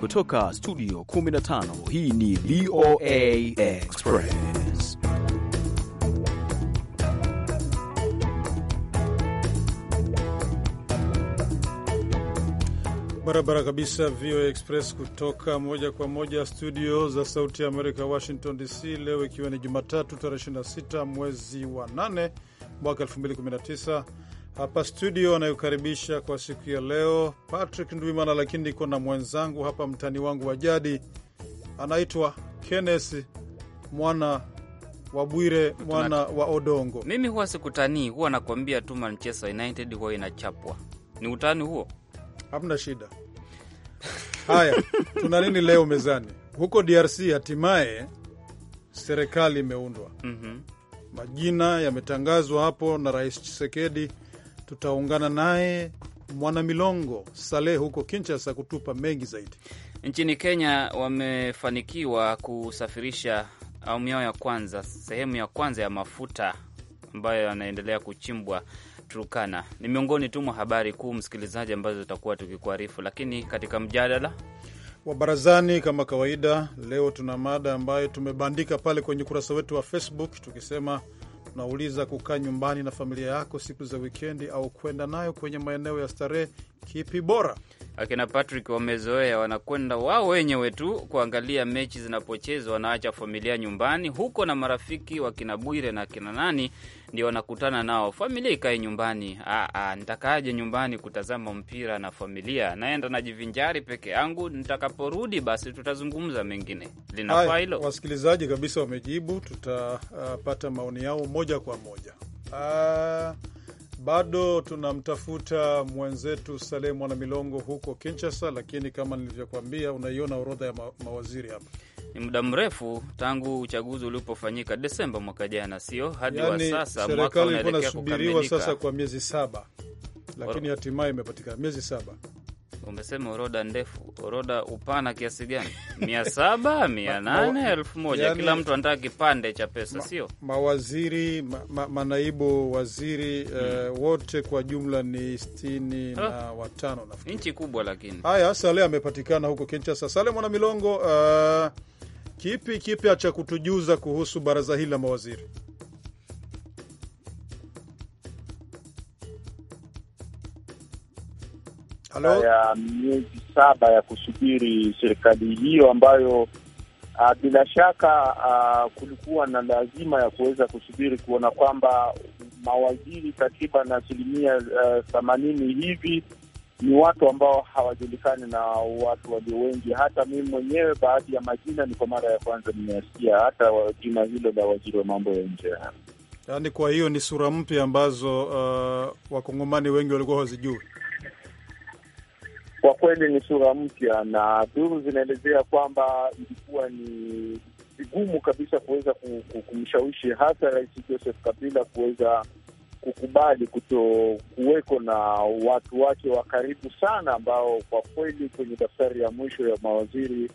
Kutoka studio 15 hii ni VOA Express. Barabara kabisa, VOA Express kutoka moja kwa moja studio za Sauti ya Amerika, Washington DC. Leo ikiwa ni Jumatatu tarehe 26 mwezi wa 8 mwaka 2019 hapa studio anayokaribisha kwa siku ya leo Patrick Ndwimana, lakini niko na mwenzangu hapa, mtani wangu wa jadi anaitwa Kenneth mwana wa Bwire, mwana wa Odongo. Mimi huwa sikutanii, huwa nakuambia tu Manchester United huwa inachapwa. Ni utani huo, hamna shida. Haya, tuna nini leo mezani? Huko DRC hatimaye serikali imeundwa. mm -hmm. Majina yametangazwa hapo na Rais Chisekedi tutaungana naye Mwanamilongo Saleh huko Kinshasa kutupa mengi zaidi. Nchini Kenya wamefanikiwa kusafirisha awamu yao ya kwanza, sehemu ya kwanza ya mafuta ambayo yanaendelea kuchimbwa Turkana. Ni miongoni tu mwa habari kuu, msikilizaji, ambazo tutakuwa tukikuarifu. Lakini katika mjadala wa barazani, kama kawaida, leo tuna mada ambayo tumebandika pale kwenye ukurasa wetu wa Facebook tukisema Unauliza kukaa nyumbani na familia yako siku za wikendi au kwenda nayo kwenye maeneo ya starehe, kipi bora? akina Patrick wamezoea, wanakwenda wao wenyewe tu kuangalia mechi zinapochezwa, wanaacha familia nyumbani huko na marafiki wakina Bwire na kina nani ndio wanakutana nao. Familia ikae nyumbani? Nitakaaje nyumbani kutazama mpira na familia? Naenda najivinjari peke yangu, nitakaporudi basi tutazungumza mengine. Linafaa hilo? Wasikilizaji kabisa wamejibu, tutapata uh, maoni yao moja kwa moja uh... Bado tunamtafuta mwenzetu Saleh Mwana Milongo huko Kinshasa, lakini kama nilivyokuambia, unaiona orodha ya ma mawaziri hapa. Ni muda mrefu tangu uchaguzi ulipofanyika Desemba mwaka jana, sio hadi yani, wa yaani, sasa serikali ilikuwa inasubiriwa sasa kwa miezi saba, lakini hatimaye imepatikana miezi saba. Umesema orodha ndefu, orodha upana kiasi gani? mia saba mia nane elfu moja yani, kila mtu anataka kipande cha pesa, sio mawaziri ma, ma, manaibu waziri eh, hmm. Uh, wote kwa jumla ni sitini ah. na watano nafikiri, nchi kubwa lakini. Haya, Saleh amepatikana huko Kinshasa. Saleh Mwana Milongo, uh, kipi kipya cha kutujuza kuhusu baraza hili la mawaziri? ya miezi saba ya kusubiri serikali hiyo ambayo Uh, bila shaka uh, kulikuwa na lazima ya kuweza kusubiri kuona kwamba mawaziri takriban asilimia eh, themanini uh, hivi ni watu ambao hawajulikani na watu walio wengi. Hata mimi mwenyewe baadhi ya majina ni kwa mara ya kwanza nimeyasikia, hata jina hilo la waziri wa mambo ya nje. Yaani, kwa hiyo ni sura mpya ambazo uh, wakongomani wengi walikuwa hawazijui. Kwa kweli ni sura mpya, na duru zinaelezea kwamba ilikuwa ni vigumu kabisa kuweza kumshawishi hasa Rais Joseph Kabila kuweza kukubali kuto kuweko na watu wake wa karibu sana, ambao kwa kweli kwenye daftari ya mwisho ya mawaziri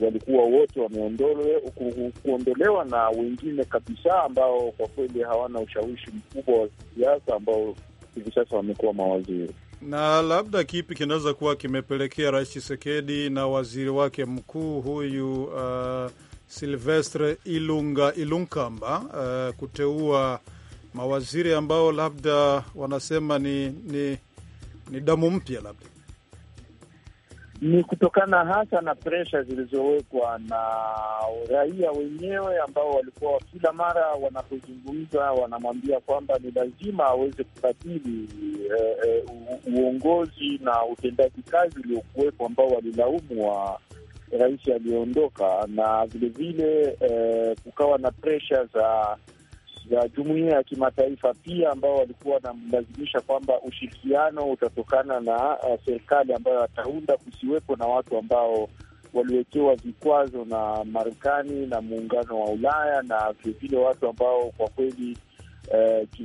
walikuwa wote wameondolewa na wengine kabisa ambao kwa kweli hawana ushawishi mkubwa wa kisiasa ambao hivi sasa wamekuwa mawaziri na labda kipi kinaweza kuwa kimepelekea Rais Chisekedi na waziri wake mkuu huyu uh, Silvestre Ilunga Ilunkamba uh, kuteua mawaziri ambao labda wanasema ni, ni, ni damu mpya labda ni kutokana hasa na presha zilizowekwa na raia wenyewe ambao walikuwa kila mara wanapozungumza wanamwambia kwamba ni lazima aweze kubadili eh, eh, uongozi na utendaji kazi uliokuwepo ambao walilaumu wa rais aliyeondoka, na vilevile eh, kukawa na presha za ya jumuiya ya kimataifa pia ambao walikuwa wanamlazimisha kwamba ushirikiano utatokana na uh, serikali ambayo ataunda, kusiwepo na watu ambao waliwekewa vikwazo na Marekani na muungano wa Ulaya na vilevile watu ambao kwa kweli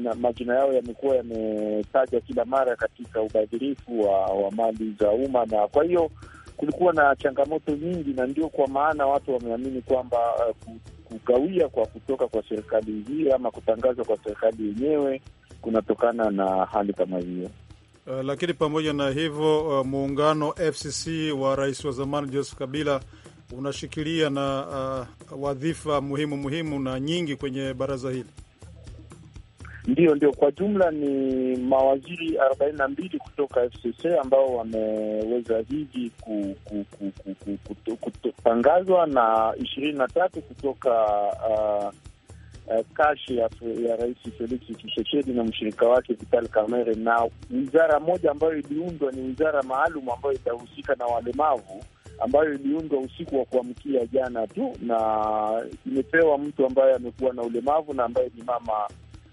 uh, majina yao yamekuwa yametajwa kila mara katika ubadhirifu wa, wa mali za umma, na kwa hiyo kulikuwa na changamoto nyingi, na ndio kwa maana watu wameamini kwamba uh, kugawia kwa kutoka kwa serikali hii ama kutangazwa kwa serikali yenyewe kunatokana na hali kama hiyo. Uh, lakini pamoja na hivyo uh, muungano FCC wa rais wa zamani Joseph Kabila unashikilia na uh, wadhifa muhimu muhimu na nyingi kwenye baraza hili. Ndiyo, ndio. Kwa jumla ni mawaziri arobaini na mbili kutoka FCC ambao wameweza hivi kutangazwa na ishirini na tatu kutoka uh, uh, kashi ya, ya Rais Felix Tshisekedi na mshirika wake Vital Kamerhe, na wizara moja ambayo iliundwa ni wizara maalum ambayo itahusika na walemavu ambayo iliundwa usiku wa kuamkia jana tu, na imepewa mtu ambaye amekuwa na ulemavu na ambaye ni mama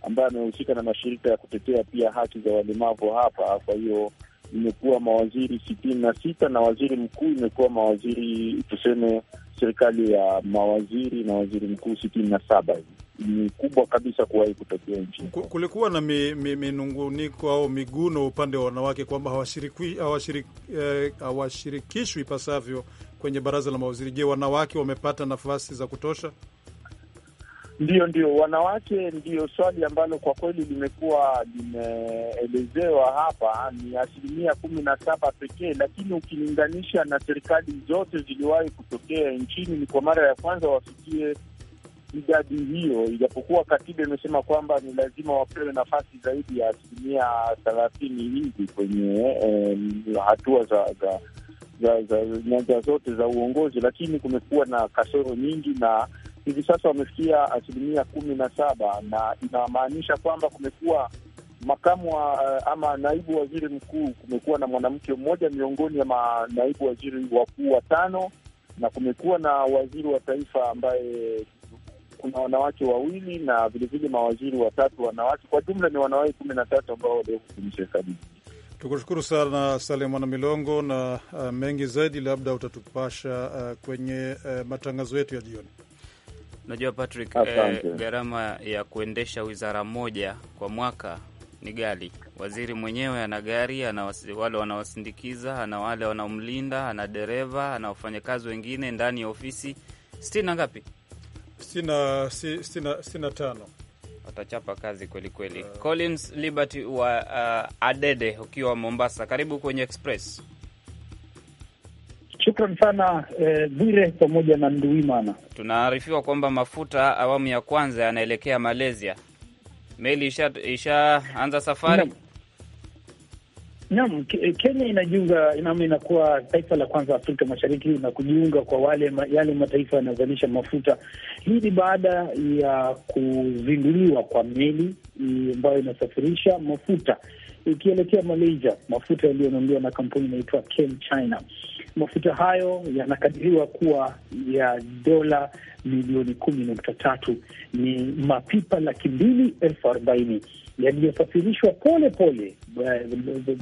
ambaye amehusika na mashirika ya kutetea pia haki za walemavu hapa. Kwa hiyo imekuwa mawaziri sitini na sita na waziri mkuu imekuwa mawaziri tuseme, serikali ya mawaziri na waziri mkuu sitini na saba ni kubwa kabisa kuwahi kutokea nchi. Kulikuwa na minunguniko mi, au miguno upande wa wanawake kwamba eh, hawashirikishwi eh, ipasavyo kwenye baraza la mawaziri. Je, wanawake wamepata nafasi za kutosha? Ndio, ndio, wanawake ndio swali ambalo kwa kweli limekuwa limeelezewa hapa. Ni asilimia kumi na saba pekee, lakini ukilinganisha na serikali zote ziliwahi kutokea nchini, ni kwa mara ya kwanza wafikie idadi hiyo, ijapokuwa katiba imesema kwamba ni lazima wapewe nafasi zaidi ya asilimia thelathini hivi kwenye eh, hatua za, za, za, za nyanja zote za uongozi, lakini kumekuwa na kasoro nyingi na hivi sasa wamefikia asilimia kumi na saba na inamaanisha kwamba kumekuwa makamu wa, eh, ama naibu waziri mkuu, kumekuwa na mwanamke mmoja miongoni ama naibu waziri wakuu watano, na kumekuwa na waziri wa taifa ambaye kuna wanawake wawili na vilevile mawaziri watatu wanawake. Kwa jumla ni wanawake kumi na tatu ambao waliohukumu serikali. Tukushukuru sana Saleh Mwana Milongo, na uh, mengi zaidi labda utatupasha uh, kwenye uh, matangazo yetu ya jioni. Unajua Patrick, eh, gharama ya kuendesha wizara moja kwa mwaka ni gari Waziri mwenyewe ana gari, ana wale wanawasindikiza, ana wale wanaomlinda, ana dereva, ana wafanyakazi wengine ndani ya ofisi. sitini na ngapi? sitini na tano. Watachapa kazi kweli kweli. Uh, Collins Liberty wa uh, Adede, ukiwa Mombasa, karibu kwenye Express. Shukran sana eh, Bwire eh, pamoja na Nduimana. Tunaarifiwa kwamba mafuta awamu ya kwanza yanaelekea Malaysia. Meli ishaanza isha safari. Naam, Kenya inajiunga nam, inakuwa taifa la kwanza Afrika Mashariki na kujiunga kwa wale yale mataifa yanayozalisha mafuta. Hii ni baada ya kuzinduliwa kwa meli ambayo inasafirisha mafuta ikielekea Malaysia, mafuta yaliyonunuliwa na kampuni inaitwa Chem China mafuta hayo yanakadiriwa kuwa ya dola milioni kumi nukta tatu. Ni mapipa laki mbili elfu arobaini yaliyosafirishwa pole pole, eh,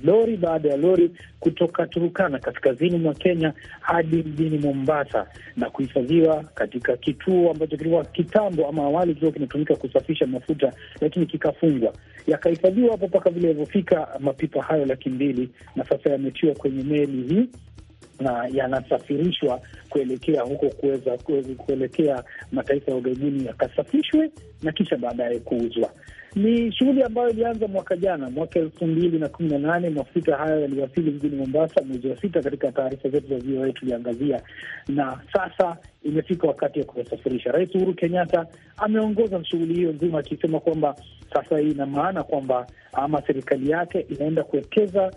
lori baada ya lori, kutoka Turukana kaskazini mwa Kenya hadi mjini Mombasa na kuhifadhiwa katika kituo ambacho kilikuwa kitambo ama awali kilikuwa kinatumika kusafisha mafuta, lakini kikafungwa. Yakahifadhiwa hapo mpaka vile yalivyofika mapipa hayo laki mbili, na sasa yametiwa kwenye meli hii na yanasafirishwa kuelekea huko kuweza kuelekea mataifa ya ugaibuni yakasafishwe na kisha baadaye kuuzwa. Ni shughuli ambayo ilianza mwaka jana, mwaka elfu mbili na kumi na nane. Mafuta hayo yaliwasili mjini Mombasa mwezi wa sita. Katika taarifa zetu za VOA tuliangazia, na sasa imefika wakati ya kuyasafirisha. Rais Uhuru Kenyatta ameongoza shughuli hiyo nzima, akisema kwamba sasa hii ina maana kwamba ama serikali yake inaenda kuwekeza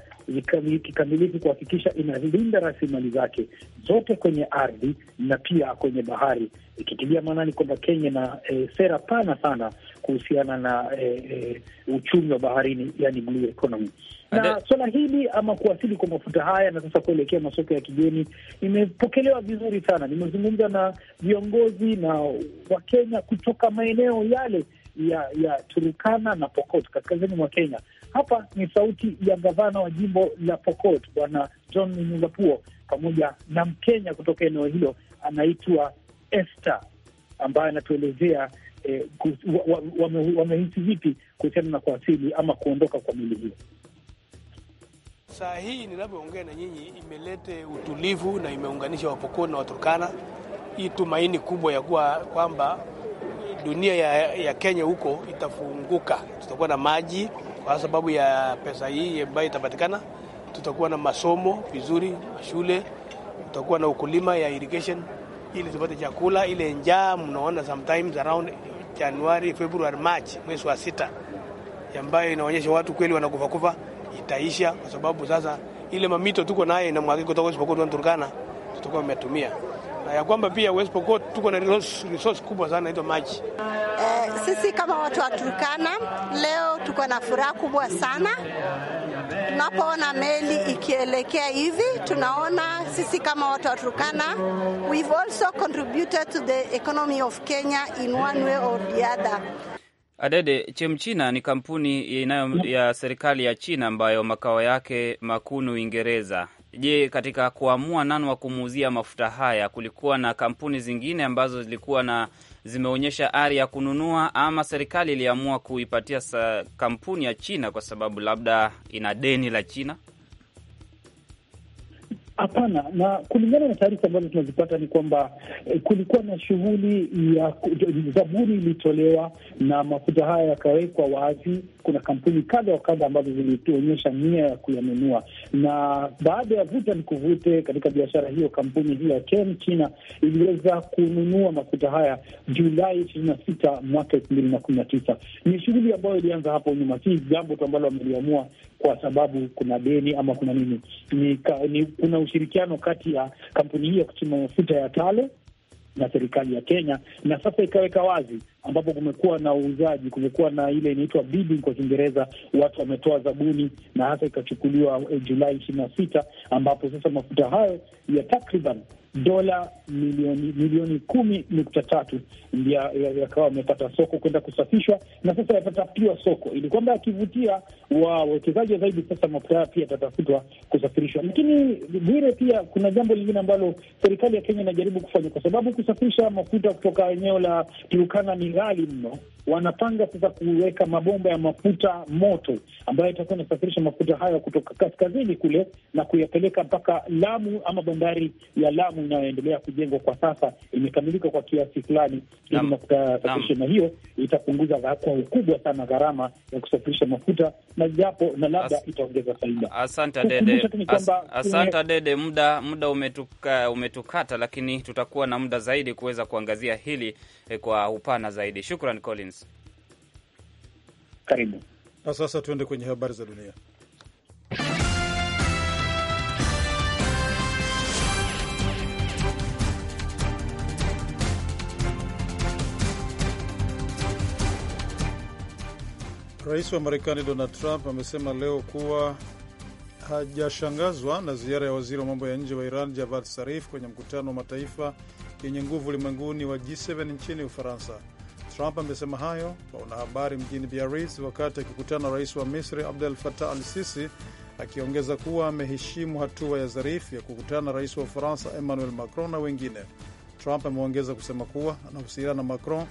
kikamilifu kuhakikisha inalinda rasilimali zake zote kwenye ardhi na pia kwenye bahari, ikitilia maanani kwamba Kenya na e, sera pana sana kuhusiana na e, e, uchumi wa baharini, yani blue economy na swala hili ama kuwasili kwa mafuta haya na sasa kuelekea masoko ya kigeni imepokelewa vizuri sana. Nimezungumza na viongozi na Wakenya kutoka maeneo yale ya ya Turukana na Pokot kaskazini mwa Kenya hapa ni sauti ya gavana wa jimbo la Pokot Bwana John nyungapuo pamoja na Mkenya kutoka eneo hilo anaitwa Esther ambaye anatuelezea eh, wamehisi wame vipi kuhusiana na kuasili ama kuondoka kwa mili hiyo. Saa hii ninavyoongea na nyinyi, imelete utulivu na imeunganisha Wapokot na Waturkana. Hii tumaini kubwa ya kuwa kwamba dunia ya, ya Kenya huko itafunguka, tutakuwa na maji kwa sababu ya pesa hii ambayo itapatikana, tutakuwa na masomo vizuri, mashule, tutakuwa na ukulima ya irrigation ili tupate chakula. Ile njaa mnaona sometimes around Januari, February, March, mwezi wa sita, ambayo inaonyesha watu kweli wanakufa kufa, itaisha kwa sababu sasa ile mamito tuko naye inamwagika kutoka West Pokot hadi Turkana, tutakuwa tumetumia na ya kwamba pia West Pokot tuko na resource, resource kubwa sana inaitwa maji. Sisi kama watu wa Turkana leo tuko na furaha kubwa sana tunapoona meli ikielekea hivi, tunaona sisi kama watu wa Turkana, we've also contributed to the economy of Kenya in one way or the other. Adede, Chemchina ni kampuni inayo ya serikali ya China ambayo makao yake makunu Uingereza. Je, katika kuamua nani wa kumuuzia mafuta haya, kulikuwa na kampuni zingine ambazo zilikuwa na zimeonyesha ari ya kununua, ama serikali iliamua kuipatia kampuni ya China kwa sababu labda ina deni la China? Hapana, na kulingana na taarifa ambazo tunazipata ni kwamba eh, kulikuwa na shughuli ya zabuni ilitolewa na mafuta haya yakawekwa wazi. Kuna kampuni kadha wa kadha ambazo zilionyesha nia ya kuyanunua, na baada ya vuta ni kuvute katika biashara hiyo, kampuni hiyo ya Ken China iliweza kununua mafuta haya Julai ishirini na sita mwaka elfu mbili na kumi na tisa. Ni shughuli ambayo ilianza hapo nyuma, si jambo tu ambalo wameliamua kwa sababu kuna deni ama kuna nini, ni, ka, ni kuna ushirikiano kati ya kampuni hii ya kuchimba mafuta ya Tale na serikali ya Kenya, na sasa ikaweka wazi, ambapo kumekuwa na uuzaji, kumekuwa na ile inaitwa bidding kwa Kiingereza, watu wametoa zabuni, na hasa ikachukuliwa eh, Julai ishirini na sita ambapo sasa mafuta hayo ya takriban dola milioni milioni kumi nukta tatu yakawa wamepata soko kwenda kusafishwa, na sasa yapata pia soko, ili kwamba yakivutia wawekezaji zaidi, sasa mafuta haya pia yatatafutwa kusafirishwa. Lakini Bwire, pia kuna jambo lingine ambalo serikali ya Kenya inajaribu kufanya, kwa sababu kusafirisha mafuta kutoka eneo la Turukana ni ghali mno. Wanapanga sasa kuweka mabomba ya mafuta moto ambayo itakuwa inasafirisha mafuta hayo kutoka kaskazini kule na kuyapeleka mpaka Lamu ama bandari ya Lamu inayoendelea kujengwa kwa sasa imekamilika kwa kiasi fulani, ili mafuta safirisha, na hiyo itapunguza kwa ukubwa sana gharama ya kusafirisha mafuta na japo na labda itaongeza faida. Asante Dede, asante Dede. Muda muda umetuka, umetukata, lakini tutakuwa na muda zaidi kuweza kuangazia hili eh, kwa upana zaidi. Shukran Collins, karibu. Na sasa tuende kwenye habari za dunia. Rais wa Marekani Donald Trump amesema leo kuwa hajashangazwa na ziara ya waziri wa mambo ya nje wa Iran Javad Zarif kwenye mkutano wa mataifa yenye nguvu ulimwenguni wa G7 nchini Ufaransa. Trump amesema hayo kwa wanahabari mjini Biarritz wakati akikutana na rais wa Misri Abdel Fattah al Sisi, akiongeza kuwa ameheshimu hatua ya Zarif ya kukutana na rais wa Ufaransa Emmanuel Macron na wengine. Trump ameongeza kusema kuwa anahusiana na Macron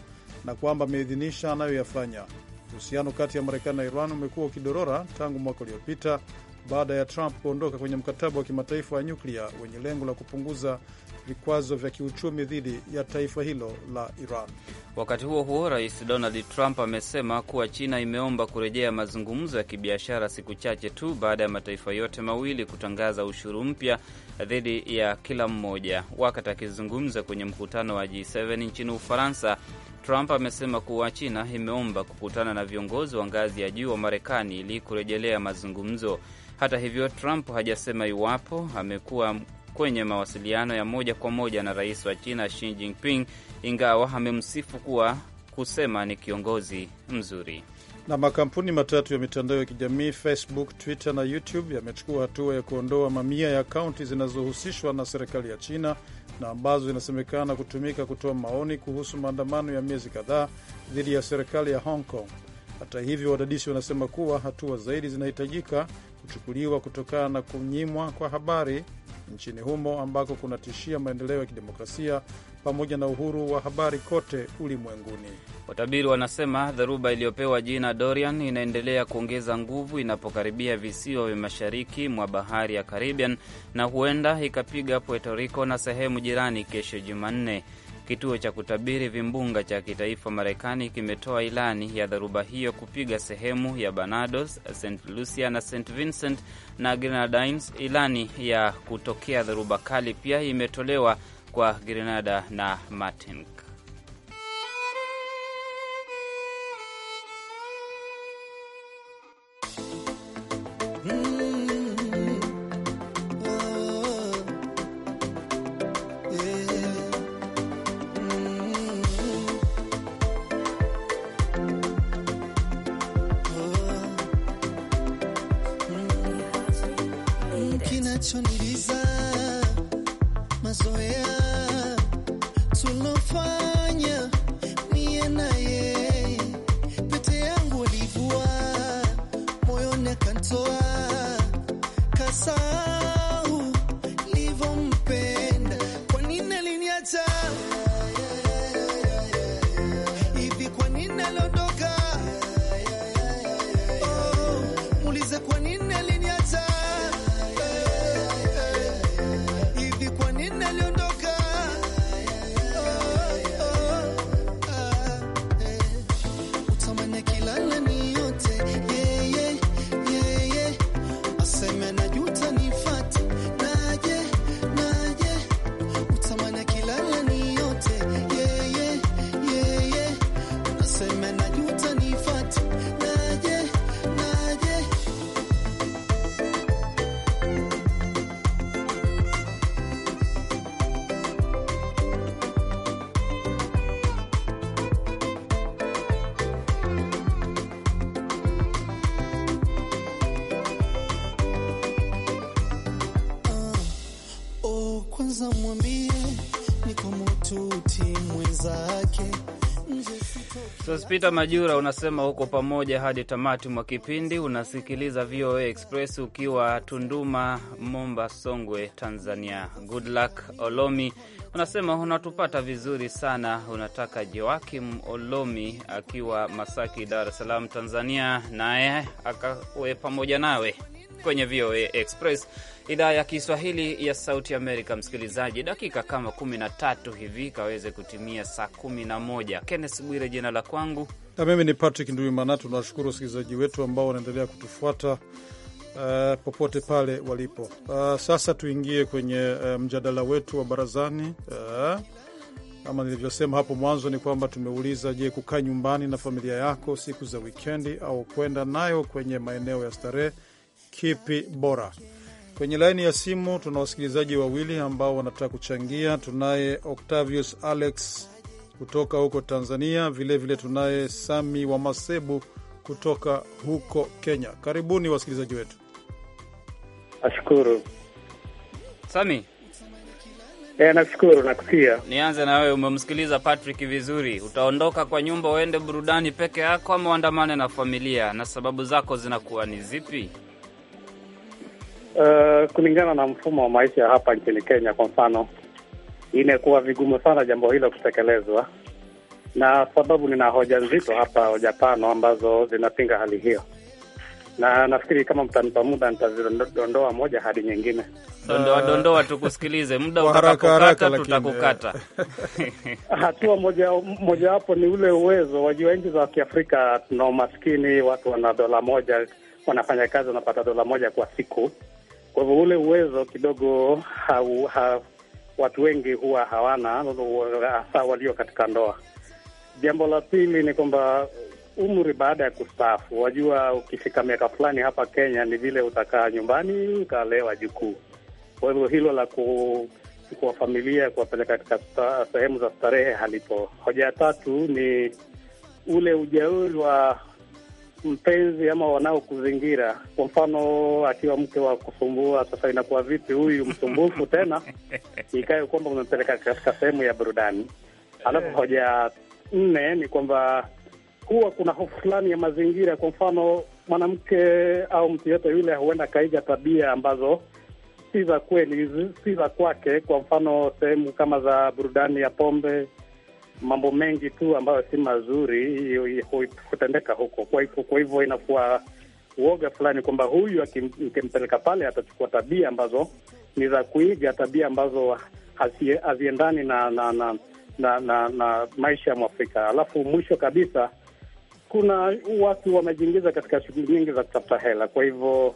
na kwamba ameidhinisha anayoyafanya. Uhusiano kati ya Marekani na Iran umekuwa ukidorora tangu mwaka uliopita baada ya Trump kuondoka kwenye mkataba wa kimataifa wa nyuklia wenye lengo la kupunguza vikwazo vya kiuchumi dhidi ya taifa hilo la Iran. Wakati huo huo, Rais Donald Trump amesema kuwa China imeomba kurejea mazungumzo ya kibiashara siku chache tu baada ya mataifa yote mawili kutangaza ushuru mpya dhidi ya kila mmoja. Wakati akizungumza kwenye mkutano wa G7 nchini Ufaransa, Trump amesema kuwa China imeomba kukutana na viongozi wa ngazi ya juu wa Marekani ili kurejelea mazungumzo. Hata hivyo, Trump hajasema iwapo amekuwa kwenye mawasiliano ya moja kwa moja na rais wa China Xi Jinping, ingawa amemsifu kuwa kusema ni kiongozi mzuri. Na makampuni matatu ya mitandao ya kijamii Facebook, Twitter na YouTube yamechukua hatua ya kuondoa mamia ya akaunti zinazohusishwa na serikali ya China na ambazo zinasemekana kutumika kutoa maoni kuhusu maandamano ya miezi kadhaa dhidi ya serikali ya Hong Kong. Hata hivyo, wadadisi wanasema kuwa hatua zaidi zinahitajika kuchukuliwa kutokana na kunyimwa kwa habari nchini humo ambako kunatishia maendeleo ya kidemokrasia pamoja na uhuru wa habari kote ulimwenguni. Watabiri wanasema dharuba iliyopewa jina Dorian inaendelea kuongeza nguvu inapokaribia visiwa vya mashariki mwa bahari ya Caribbean na huenda ikapiga Puerto Rico na sehemu jirani kesho Jumanne. Kituo cha kutabiri vimbunga cha kitaifa Marekani kimetoa ilani ya dharuba hiyo kupiga sehemu ya Barbados, St Lucia na St Vincent na Grenadines. Ilani ya kutokea dharuba kali pia imetolewa kwa Grenada na Martinique. Peter Majura unasema huko pamoja hadi tamati mwa kipindi. Unasikiliza VOA Express ukiwa Tunduma, Momba, Songwe, Tanzania. Good luck Olomi unasema unatupata vizuri sana. Unataka Joakim Olomi akiwa Masaki, Dar es Salaam, Tanzania, naye akawe pamoja nawe kwenye VOA Express, idhaa ya Kiswahili ya Sauti Amerika. Msikilizaji, dakika kama 13 hivi kaweze kutimia saa 11. Kenneth Bwire jina la kwangu, na mimi ni Patrick Nduimana. Tunawashukuru wasikilizaji wetu ambao wanaendelea kutufuata uh, popote pale walipo. Uh, sasa tuingie kwenye uh, mjadala wetu wa barazani uh, kama nilivyosema hapo mwanzo ni kwamba tumeuliza, je, kukaa nyumbani na familia yako siku za wikendi au kwenda nayo kwenye maeneo ya starehe kipi bora. Kwenye laini ya simu tuna wasikilizaji wawili ambao wanataka kuchangia. Tunaye Octavius Alex kutoka huko Tanzania, vilevile tunaye Sami wa Masebu kutoka huko Kenya. Karibuni wasikilizaji wetu. Nashukuru Sami. E, nashukuru nakusikia. Nianze na wewe, umemsikiliza Patrick vizuri. Utaondoka kwa nyumba uende burudani peke yako ama uandamane na familia, na sababu zako zinakuwa ni zipi? Eh, kulingana na mfumo wa maisha hapa nchini Kenya, kwa mfano, imekuwa vigumu sana jambo hilo kutekelezwa, na sababu nina hoja nzito hapa, hoja tano ambazo zinapinga hali hiyo, na nafikiri kama mtanipa muda nitazidondoa moja hadi nyingine. Dondoa ah. dondoa, tukusikilize. Muda utakapokata tutakukata. Eh. Hatua moja mojawapo ni ule uwezo, wajua nchi za Kiafrika tuna umaskini, watu wana dola moja wanafanya kazi wanapata dola moja kwa siku kwa hivyo ule uwezo kidogo ha, ha, watu wengi huwa hawana, hasa walio katika ndoa. Jambo la pili ni kwamba umri baada ya kustaafu, wajua, ukifika miaka fulani hapa Kenya ni vile utakaa nyumbani ukalewa jukuu. Kwa hivyo hilo la kuchukua familia kuwapeleka katika sehemu za starehe halipo. Hoja ya tatu ni ule ujeuri wa mpenzi ama wanaokuzingira. Kwa mfano, akiwa mke wa kusumbua, sasa inakuwa vipi huyu msumbufu tena ikae kwamba umempeleka katika sehemu ya burudani. Alafu eh. hoja nne ni kwamba huwa kuna hofu fulani ya mazingira. Kwa mfano, mwanamke au mtu yote yule huenda akaiga tabia ambazo si za kweli, si za kwake. Kwa mfano, sehemu kama za burudani ya pombe mambo mengi tu ambayo si mazuri hutendeka huko. Kwa hivyo inakuwa uoga fulani kwamba huyu akimpeleka pale atachukua tabia ambazo ni za kuiga, tabia ambazo haziendani na na, na na na na maisha ya Mwafrika. Alafu mwisho kabisa, kuna watu wamejiingiza katika shughuli nyingi za kutafuta hela, kwa hivyo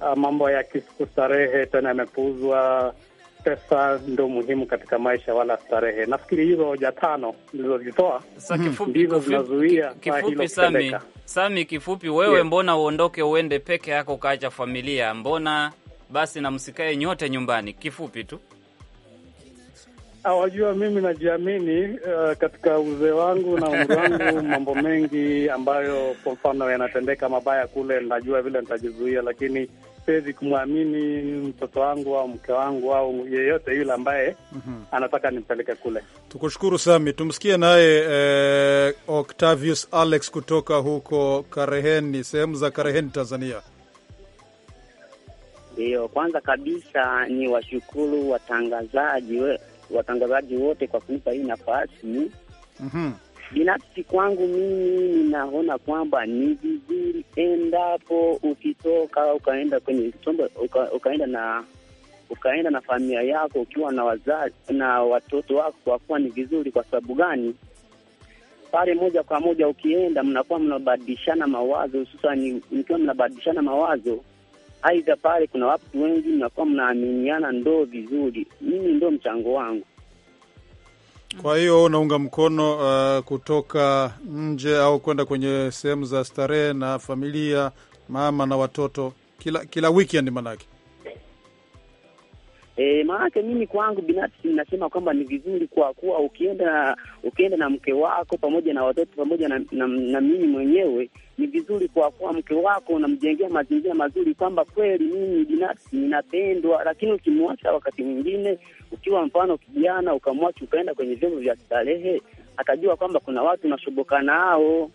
ah, mambo ya kustarehe tena yamepuuzwa pesa ndo muhimu katika maisha, wala starehe. Nafikiri hizo hoja tano nilizozitoa hmm. ndizo zinazuia kifupi. Sami, Sami, kifupi wewe yeah. Mbona uondoke uende peke yako ukaacha familia? Mbona basi na msikae nyote nyumbani? Kifupi tu Awajua, ah, mimi najiamini uh, katika uzee wangu na umri wangu, mambo mengi ambayo kwa mfano yanatendeka mabaya kule, najua vile nitajizuia, lakini siwezi kumwamini mtoto wangu au mke wangu au yeyote yule ambaye mm -hmm. anataka nimpeleke kule. Tukushukuru Sami. Tumsikie naye eh, Octavius Alex kutoka huko Kareheni, sehemu za Kareheni, Tanzania. Ndiyo, kwanza kabisa ni washukuru watangazaji watangazaji wote kwa kunipa hii nafasi mm -hmm. Binafsi kwangu mimi ninaona kwamba ni vizuri endapo ukitoka ukaenda kwenye chombo uka, ukaenda na ukaenda na familia yako ukiwa na wazazi na watoto wako, kwa kuwa ni vizuri. Kwa sababu gani? Pale moja kwa moja ukienda, mnakuwa mnabadilishana mawazo, hususani mkiwa mnabadilishana mawazo, aidha pale kuna watu wengi mnakuwa mnaaminiana, ndo vizuri. Mimi ndo mchango wangu. Kwa hiyo unaunga mkono uh, kutoka nje au kwenda kwenye sehemu za starehe na familia, mama na watoto kila, kila weekend manake E, maanake mimi kwangu binafsi ninasema kwamba ni vizuri kwa kuwa ukienda ukienda na mke wako pamoja na watoto pamoja na, na, na mimi mwenyewe ni vizuri kwa kuwa mke wako unamjengea mazingira mazuri, kwamba kweli mimi binafsi ninapendwa. Lakini ukimwacha wakati mwingine, ukiwa mfano kijana ukamwacha ukaenda kwenye vyombo vya starehe, atajua kwamba kuna watu unashoboka nao.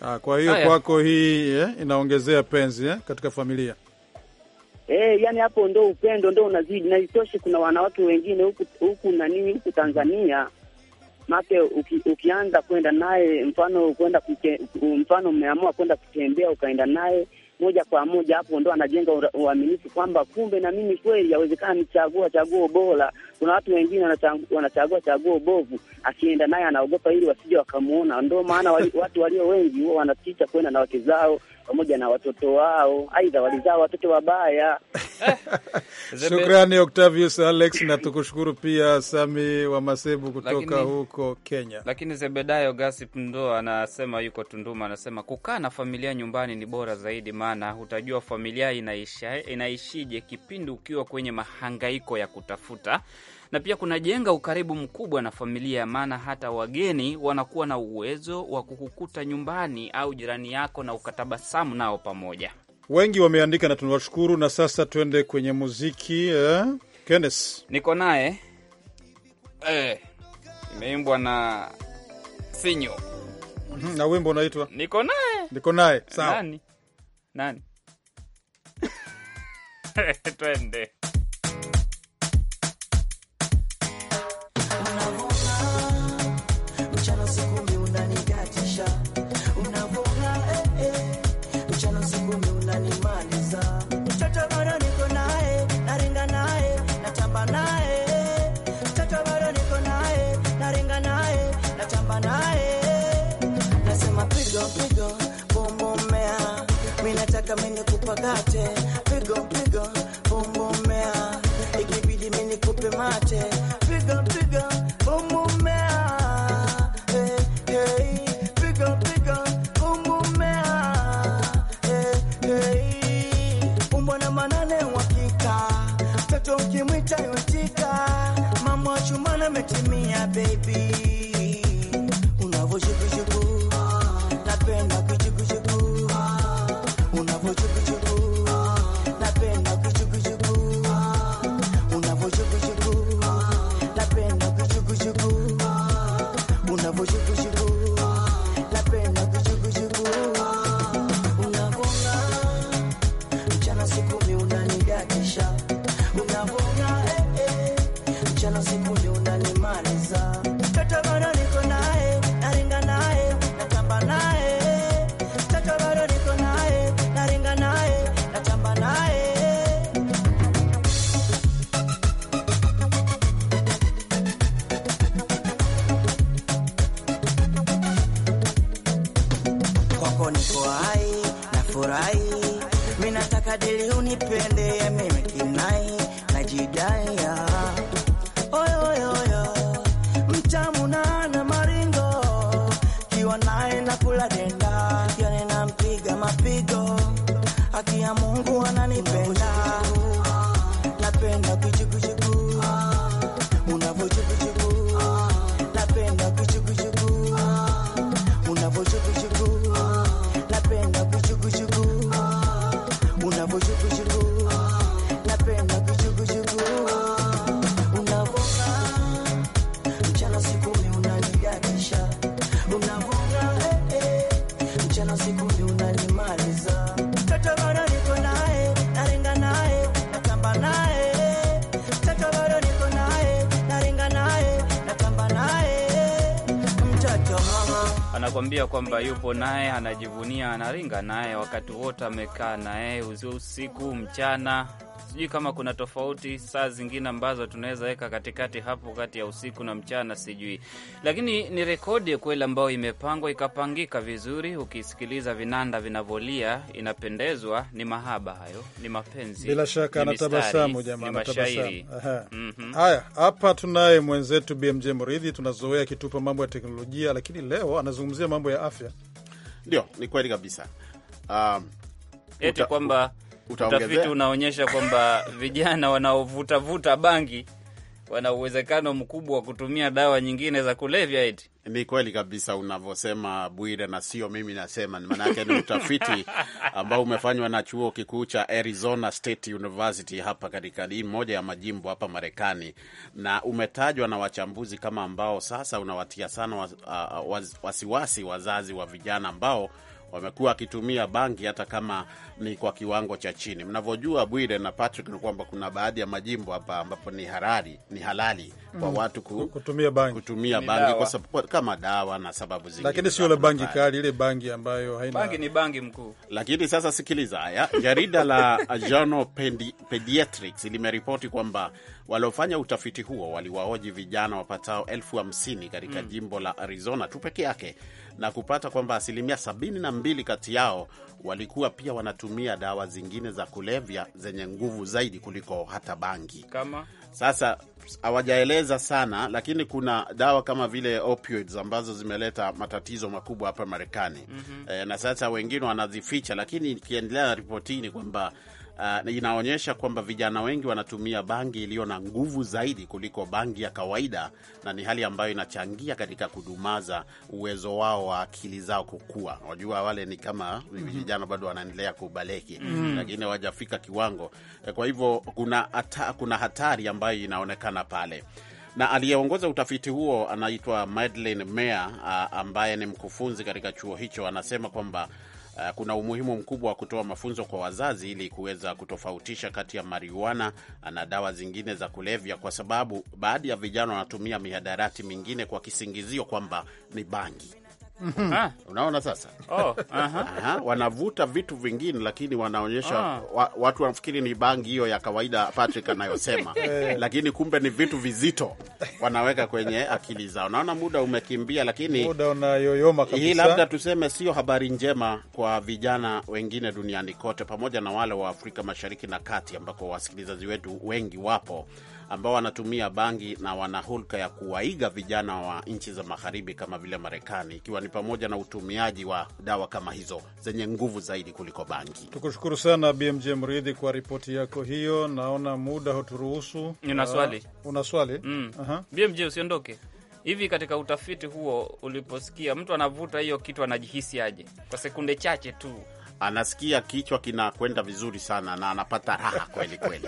Ah, kwa hiyo kwako hii eh, inaongezea penzi eh, katika familia eh, yani hapo ndo upendo ndo unazidi, na isitoshe kuna wanawake wengine huku huku na nini huku Tanzania make uki, ukianza kwenda naye mfano kwenda mfano mmeamua kwenda kutembea ukaenda naye moja kwa moja, hapo ndo anajenga uaminifu kwamba kumbe na mimi kweli yawezekana nichagua chaguo bora. Kuna watu wengine wanachagua chaguo bovu, akienda naye anaogopa ili wasije wakamuona. Ndio maana wali, watu walio wengi huwa wanaficha kwenda na wake zao pamoja na watoto wao, aidha walizaa watoto wabaya. Shukrani Octavius Alex, na tukushukuru pia Sami wa Masebu kutoka lakini, huko Kenya. Lakini Zebedayo Gasip ndo anasema yuko Tunduma, anasema kukaa na familia nyumbani ni bora zaidi, maana utajua familia inaisha, inaishije kipindi ukiwa kwenye mahangaiko ya kutafuta na pia kunajenga ukaribu mkubwa na familia, maana hata wageni wanakuwa na uwezo wa kukukuta nyumbani au jirani yako na ukatabasamu nao pamoja. Wengi wameandika na tunawashukuru. Na sasa tuende kwenye muziki eh? Kenneth niko naye eh, imeimbwa na Sinyo mhm, na wimbo unaitwa niko naye, niko naye. Sawa, nani nani? twende I did. kwamba yupo naye, anajivunia, anaringa naye wakati wote, amekaa naye usiku mchana Sijui kama kuna tofauti saa zingine ambazo tunaweza weka katikati hapo kati ya usiku na mchana, sijui, lakini ni rekodi kweli ambayo imepangwa ikapangika vizuri. Ukisikiliza vinanda vinavolia, inapendezwa. Ni mahaba hayo, ni mapenzi, bila shaka anatabasamu jamaa, anatabasamu. mm -hmm. Haya, hapa tunaye mwenzetu BMJ Mridhi, tunazoea kitupa mambo ya teknolojia, lakini leo anazungumzia mambo ya afya. Ndio, ni kweli kabisa. um, eti kwamba Utafiti unaonyesha kwamba vijana wanaovutavuta bangi wana uwezekano mkubwa wa kutumia dawa nyingine za kulevya. Eti ni kweli kabisa unavyosema Bwire, na sio mimi nasema, maanake ni utafiti ambao umefanywa na chuo kikuu cha Arizona State University hapa katika moja ya majimbo hapa Marekani, na umetajwa na wachambuzi kama ambao sasa unawatia sana wasiwasi wazazi wa vijana ambao wamekuwa wakitumia bangi hata kama ni kwa kiwango cha chini. Mnavyojua Bwire na Patrick, ni kwamba kuna baadhi ya majimbo hapa ambapo ni harari, ni halali kwa mm. watu ku, kutumia bangi, kutumia bangi kwa sababu kama dawa na sababu zingine, lakini sio ile bangi kali, ile bangi ambayo haina bangi, ni bangi mkuu. Lakini sasa sikiliza haya, jarida la Journal Pediatrics limeripoti kwamba waliofanya utafiti huo waliwahoji vijana wapatao elfu hamsini katika mm. jimbo la Arizona tu peke yake na kupata kwamba asilimia sabini na mbili kati yao walikuwa pia wanatumia dawa zingine za kulevya zenye nguvu zaidi kuliko hata bangi kama sasa hawajaeleza sana, lakini kuna dawa kama vile opioids ambazo zimeleta matatizo makubwa hapa Marekani. mm -hmm. E, na sasa wengine wanazificha, lakini ikiendelea na ripotini kwamba uh, inaonyesha kwamba vijana wengi wanatumia bangi iliyo na nguvu zaidi kuliko bangi ya kawaida, na ni hali ambayo inachangia katika kudumaza uwezo wao wa akili zao kukua. Wajua wale ni kama mhm. vijana mm -hmm. bado wanaendelea kubaleki mm -hmm. lakini hawajafika kiwango. Eh, kwa hivyo kuna, ata, kuna hatari ambayo inaonekana pale na aliyeongoza utafiti huo anaitwa Madeleine Meyer uh, ambaye ni mkufunzi katika chuo hicho, anasema kwamba Uh, kuna umuhimu mkubwa wa kutoa mafunzo kwa wazazi ili kuweza kutofautisha kati ya marihuana na dawa zingine za kulevya, kwa sababu baadhi ya vijana wanatumia mihadarati mingine kwa kisingizio kwamba ni bangi mm -hmm. unaona sasa oh. Aha, wanavuta vitu vingine lakini wanaonyesha oh. wa, watu wanafikiri ni bangi hiyo ya kawaida Patrick anayosema eh. lakini kumbe ni vitu vizito wanaweka kwenye akili zao. Naona muda umekimbia, lakini muda unayoyoma kabisa. Hii labda tuseme sio habari njema kwa vijana wengine duniani kote, pamoja na wale wa Afrika Mashariki na Kati ambako wasikilizaji wetu wengi wapo ambao wanatumia bangi na wana hulka ya kuwaiga vijana wa nchi za magharibi kama vile Marekani, ikiwa ni pamoja na utumiaji wa dawa kama hizo zenye nguvu zaidi kuliko bangi. Tukushukuru sana BMJ Mridhi kwa ripoti yako hiyo. Naona muda huturuhusu. Una ah, swali? Una swali? Mm. Uh -huh. BMJ usiondoke hivi katika utafiti huo uliposikia mtu anavuta hiyo kitu anajihisi aje? Kwa sekunde chache tu anasikia kichwa kinakwenda vizuri sana na anapata raha kweli kweli.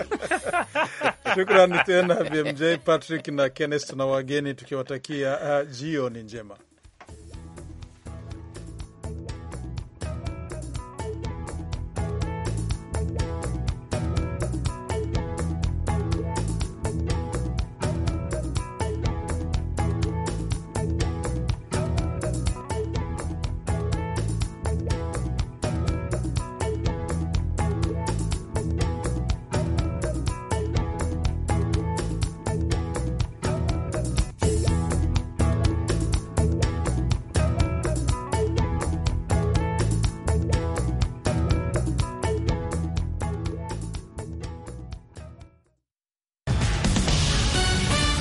Shukrani tena BMJ Patrick na Kenneth na wageni tukiwatakia uh, jioni njema.